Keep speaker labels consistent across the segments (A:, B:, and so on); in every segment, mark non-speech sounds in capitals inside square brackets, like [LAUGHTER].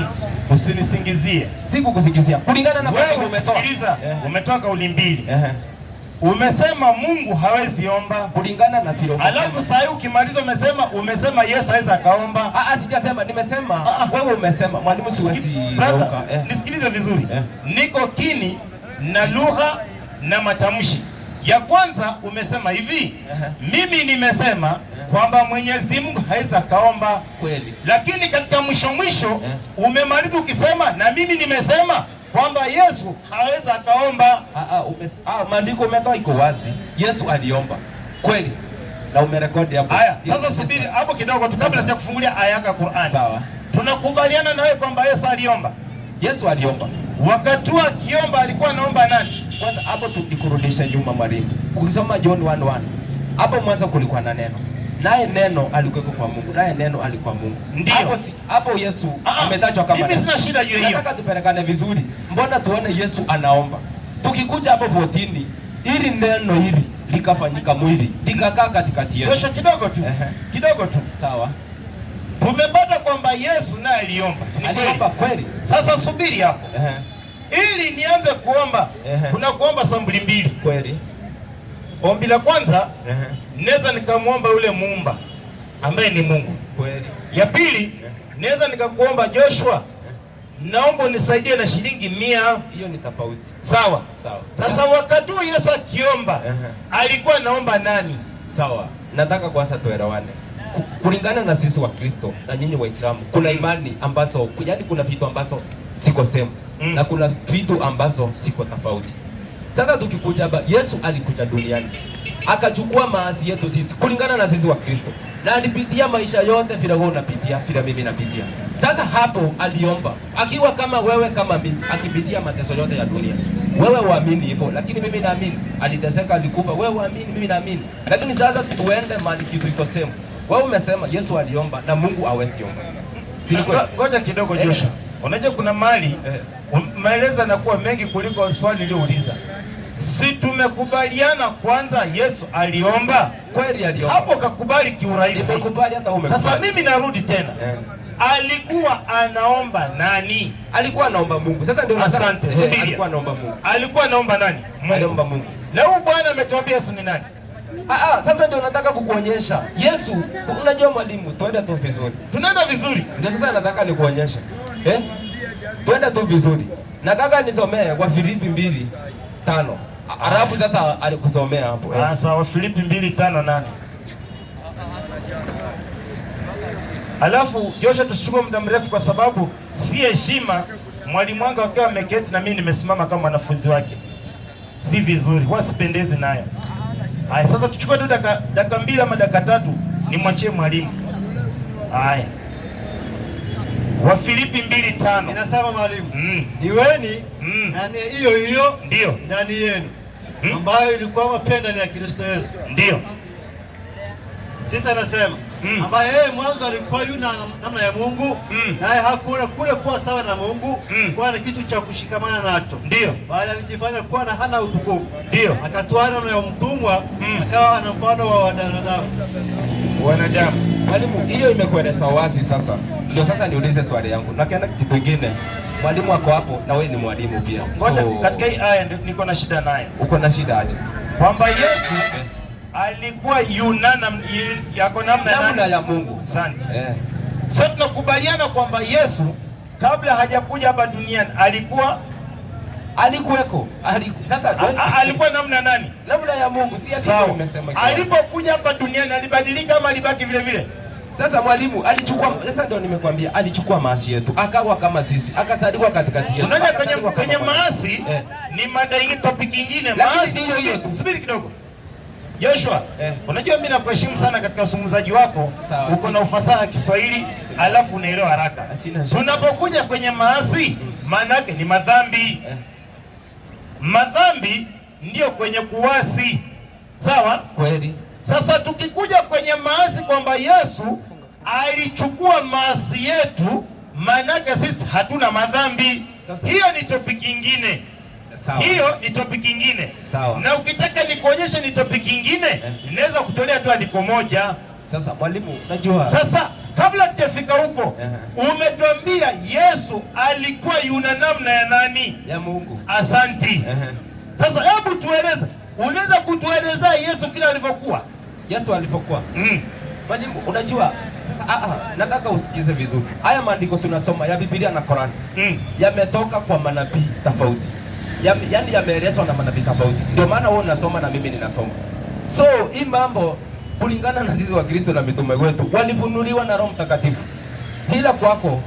A: Mm-hmm. Usinisingizie.
B: Sikukusingizia. Kulingana na wewe umesoma.
A: Sikiliza. Eh. Umetoka ulimbili. Eh. Umesema Mungu
B: hawezi omba
A: kulingana na vile umesema. Alafu sasa ukimaliza umesema umesema Yesu hawezi akaomba.
B: Ah ah, sijasema,
A: nimesema. Ah, ah. Wewe
B: umesema mwalimu siwezi.
A: Eh. Nisikilize vizuri. Niko kini na lugha na matamshi. Ya kwanza umesema hivi mimi nimesema kwamba Mwenyezi Mungu hawezi kaomba kweli, lakini katika mwisho mwisho umemaliza ukisema na mimi nimesema kwamba Yesu
B: hawezi akaomba. Ah, ah, ah, maandiko umetoa iko wazi, Yesu aliomba kweli na
A: umerekodi hapo. Haya, sasa subiri hapo kidogo tu, kabla sija kufungulia aya
B: ya Qur'ani. Sawa,
A: tunakubaliana nawe kwamba Yesu
B: aliomba. Yesu
A: aliomba Wakati huo akiomba
B: alikuwa anaomba nani? Kwanza hapo tulikurudisha nyuma mwalimu. kusoma John 1:1. Hapo mwanzo kulikuwa na neno. Naye neno alikuwa kwa Mungu. Naye neno alikuwa Mungu. Ndio. Hapo si, Yesu ah, ah.
A: ametajwa kama Mimi sina
B: shida hiyo hiyo. Nataka tupelekane vizuri. Mbona tuone Yesu anaomba? Tukikuja hapo 14, ili neno hili likafanyika mwili,
A: likakaa katikati yetu. kidogo tu. Kidogo tu. Sawa. Tumepata kwamba Yesu naye aliomba,
B: si aliomba kweli?
A: Sasa subiri hapo uh -huh. Ili nianze kuomba uh -huh. Kuna kuomba sambuli mbili kweli. Ombi la kwanza uh -huh. Naweza nikamwomba yule muumba ambaye ni Mungu
B: kweli. Ya
A: pili uh -huh. Naweza nikakuomba Joshua naomba unisaidie na shilingi mia.
B: Hiyo ni tofauti
A: sawa. Sawa. Sasa wakati Yesu akiomba uh -huh. alikuwa
B: naomba nani? Sawa, nataka kwanza tuelewane kulingana na sisi wa Kristo na nyinyi Waislamu, kuna imani ambazo, yani, kuna vitu ambazo siko semu mm. na kuna vitu ambazo siko tofauti. Sasa tukikuja ba, Yesu alikuja duniani akachukua maasi yetu sisi kulingana na sisi wa Kristo, na alipitia maisha yote vile wewe unapitia, vile mimi napitia. Sasa hapo aliomba akiwa kama wewe kama mimi, akipitia mateso yote ya dunia. Wewe waamini hivyo, lakini mimi naamini aliteseka, alikufa. Wewe waamini, mimi naamini, lakini sasa tuende mali kitu iko semu wewe umesema Yesu aliomba na Mungu hawezi
A: omba. Si ngoja kidogo eh. Joshua. Eh. Unajua kuna mali eh, um, maelezo yanakuwa mengi kuliko swali liliouliza. Si tumekubaliana kwanza Yesu
B: aliomba?
A: Kweli aliomba. Hapo kakubali kiurahisi.
B: Nimekubali hata umekubali. Sasa mimi narudi tena.
A: Eh. Alikuwa anaomba nani?
B: Alikuwa anaomba
A: Mungu. Sasa ndio asante.
B: Eh, alikuwa anaomba Mungu.
A: Alikuwa anaomba
B: nani? Mungu. Anaomba Mungu.
A: Leo Bwana ametuambia Yesu ni nani?
B: Ah, ah, sasa ndio nataka kukuonyesha Yesu. Unajua mwalimu,
A: twende tu vizuri,
B: tunaenda vizuri, ndio sasa nataka nikuonyeshe eh? Twende tu vizuri, nataka nisomee kwa Filipi mbili tano alafu sasa alikusomea
A: hapo eh? Ah, sasa wa Filipi mbili tano nani? Alafu Joshua, tusichukue muda mrefu, kwa sababu si heshima mwalimu wangu akiwa ameketi na mimi nimesimama kama wanafunzi wake, si vizuri, wasipendezi nayo. Haya, sasa tuchukue tu dakika mbili ama dakika tatu nimwachie mwalimu. Haya. Wafilipi mbili tano
B: inasema mwalimu, mm.
A: iweni mm. ndani hiyo
B: hiyo ndio
A: ndani yenu mm. ambayo ilikuwa ni ya Kristo Yesu. Ndio sita nasema mm. ambaye yeye mwanzo alikuwa yuna namna ya Mungu mm. naye hakuona kule kuwa sawa na Mungu mm. kuwa ni kitu cha kushikamana
B: nacho, ndio bali
A: alijifanya kuwa na
B: hana utukufu, ndio
A: akatuana na mtumwa mm. akawa ana mfano wa wanadamu
B: wanadamu. Mwalimu, hiyo imekueleza wazi sasa. Ndio sasa niulize swali yangu, nakienda kitu kingine Mwalimu wako hapo na wewe ni mwalimu
A: pia. So, katika hii aya niko na
B: shida naye. Uko na shida
A: aje? Kwamba Yesu alikuwa yuna na yako namna ya Mungu. Asante. Yeah. So tunakubaliana kwamba Yesu kabla hajakuja hapa duniani
B: alikuwa alikuweko
A: aliku, sasa alikuwa namna
B: nani? Namna ya Mungu, si sawa.
A: Alipokuja hapa duniani alibadilika ama alibaki vile
B: vile? Sasa mwalimu alichukua, sasa ndio nimekwambia, alichukua maasi yetu akawa kama sisi, akasadikwa katikati yetu.
A: Unaona kwenye kwenye maasi eh. ni mada ingine, topic ingine, maasi hiyo hiyo. Subiri kidogo. Joshua, eh, unajua mimi nakuheshimu sana katika uzungumzaji wako, uko na ufasaha Kiswahili alafu unaelewa haraka. Ah, Tunapokuja kwenye maasi mm. maana yake ni madhambi eh. Madhambi ndiyo kwenye kuasi, sawa?
B: Kweli. Sasa
A: tukikuja kwenye maasi kwamba Yesu alichukua maasi yetu, maana yake sisi hatuna madhambi. Sasa hiyo ni topiki nyingine. Sawa. Hiyo ni topic
B: nyingine. Sawa.
A: Na ukitaka nikuonyeshe ni topic nyingine, eh, ninaweza kutolea tu andiko moja.
B: Sasa mwalimu,
A: najua. Sasa kabla hatujafika huko, uh eh. -huh. Umetuambia Yesu alikuwa yuna namna
B: ya nani? Ya
A: Mungu. Asanti. Uh eh. -huh. Sasa hebu tueleze, unaweza kutueleza Yesu vile alivyokuwa? Yesu alivyokuwa.
B: Mm. Mwalimu, unajua sasa ah, ah, nataka usikize vizuri. Haya maandiko tunasoma ya Biblia na Qur'an. Mm. Yametoka kwa manabii tofauti yani yameelezwa na manabii tofauti, ndio maana wewe unasoma na mimi ninasoma. So hii mambo kulingana na sisi wa Kristo na mitume wetu walifunuliwa na Roho Mtakatifu, ila kwako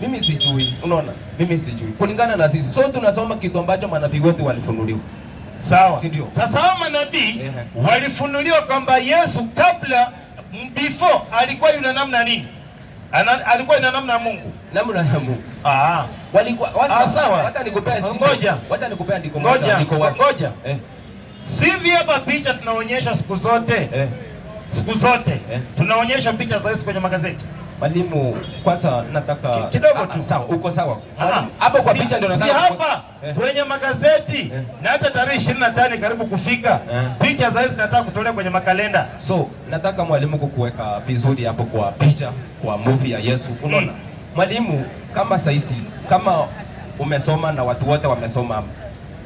B: mimi
A: sijui. Unaona,
B: mimi sijui kulingana na sisi, so tunasoma kitu ambacho manabii
A: wetu walifunuliwa. Sawa, sindio? Sasa hao manabii walifunuliwa kwamba Yesu kabla, before alikuwa yuna namna nini? Ana, alikuwa ina namna ya
B: Mungu. Namna ya
A: Mungu. Ah. Walikuwa wasa. Ah, sawa. Hata nikupea simu.
B: Ngoja. Hata nikupea
A: ndiko moja. Ndiko wasa. Ngoja. Eh. Sivi hapa picha tunaonyesha
B: siku zote. Eh.
A: Siku zote. Eh. Tunaonyesha picha za Yesu kwenye magazeti.
B: Mwalimu, kwanza
A: nataka kidogo ah, tu.
B: Sawa, uko sawa ah,
A: ah, hapo kwa picha ndio nataka. Si hapa eh. kwenye magazeti eh. na hata tarehe 25 karibu kufika eh. picha za hizi nataka kutolea
B: kwenye makalenda. So nataka mwalimu kukuweka vizuri hapo kwa picha kwa movie ya Yesu. Unaona mm. mwalimu, kama saisi kama umesoma na watu wote wamesoma,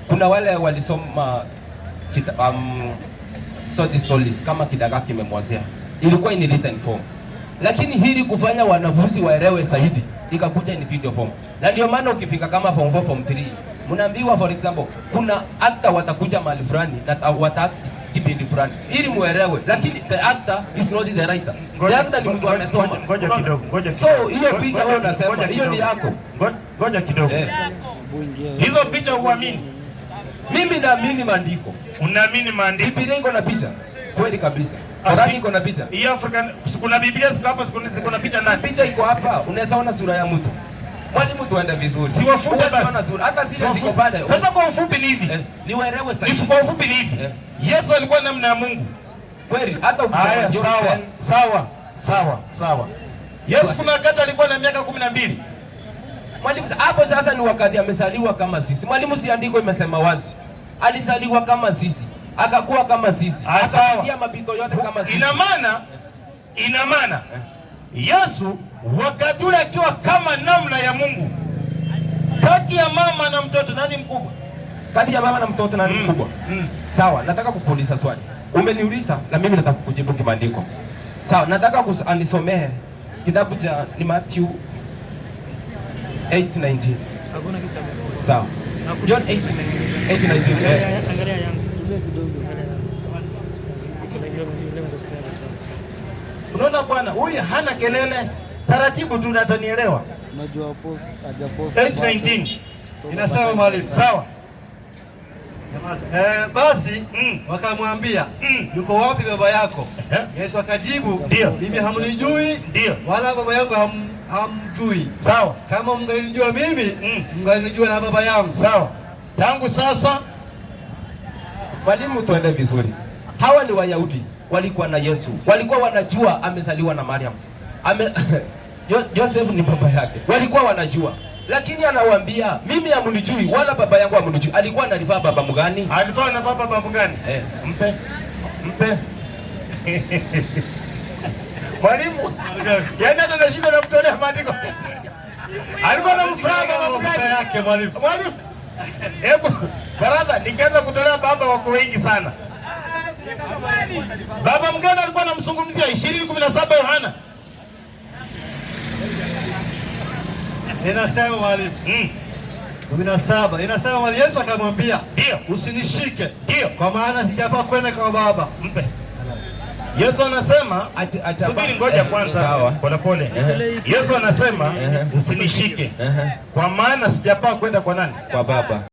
B: kuna wale walisoma kita, um, so stories kama kidagaa kimemwozea ilikuwa in written form lakini hili kufanya wanafunzi waelewe zaidi ikakuja ni video form, na ndio maana ukifika kama form 4 form 3 mnaambiwa for example, kuna actor watakuja mahali fulani na wata kipindi fulani ili muelewe, lakini the actor is not the writer. The actor ni mtu amesoma.
A: Ngoja kidogo, ngoja
B: kidogo. So hiyo picha wewe unasema hiyo ni yako,
A: ngoja kidogo. Eh. Hizo
B: picha huamini? Mimi
A: naamini maandiko.
B: Unaamini maandiko? Biblia iko na picha kweli kabisa iko hapa, ziko sura ya mtu. Mwalimu tuende vizuri.
A: Si wafupi basi.
B: Hata zile ziko
A: pale. Sasa kwa ufupi
B: ni hivi. Eh, niwaelewe
A: sasa. kwa ufupi ni hivi. Eh. Yesu alikuwa namna ya Mungu. Kweli hata ukisema sawa, sawa, sawa, sawa. Yesu kuna wakati alikuwa na miaka
B: 12. Mwalimu hapo sasa ni wakati amesaliwa kama sisi. Mwalimu, si andiko imesema wazi. Alisaliwa kama sisi akakuwa
A: kama sisi, ah, akapitia mapito yote kama sisi. Ina maana ina maana Yesu wakati ule akiwa kama namna ya Mungu, kati ya mama na mtoto nani
B: mkubwa? Kati ya mama na mtoto nani
A: mm, mkubwa? Mm. Mm.
B: Sawa, nataka kukuuliza swali. Umeniuliza na mimi nataka kujibu kimaandiko. Sawa, nataka anisomehe kitabu cha ni Matthew 8:19. Sawa. John 8:19.
A: 8:19. bwana huyu hana kelele, taratibu tu natanielewa. 819 inasema mwalimu sawa. Eh, basi mm, wakamwambia mm, yuko wapi baba yako? Eh? Yesu akajibu ndio, mimi hamnijui ndio,
B: wala baba yangu ham,
A: hamjui.
B: Sawa, kama
A: mngenijua mimi mm, na
B: baba yangu. Sawa,
A: tangu sasa,
B: mwalimu, tuende vizuri. Hawa ni Wayahudi walikuwa na Yesu, walikuwa wanajua amezaliwa na Mariam Ame... Joseph [LAUGHS] ni baba yake, walikuwa wanajua lakini anawaambia mimi amunijui wala baba yangu amunijui. Alikuwa
A: analivaa baba mgani? Alikuwa anavaa baba
B: mgani? Eh, mpe
A: mpe [LAUGHS] mwalimu, yani hata nashinda na kutolea maandiko. Alikuwa na anamfuraha baba
B: mgani yake mwalimu,
A: mwalimu, hebu baraza, nikaanza kutolea baba wako wengi sana Baba mgana alikuwa anamzungumzia ishirini kumi saba Yohana
B: inasema mm. Hmm.
A: kumi saba inasema mali Yesu akamwambia ndio, usinishike ndio, kwa maana sijapa kwenda kwa Baba. Mpe
B: Yesu anasema subiri, ngoja kwanza, polepole. Yesu anasema usinishike, kwa maana sijapaa kwenda kwa nani? Kwa Baba.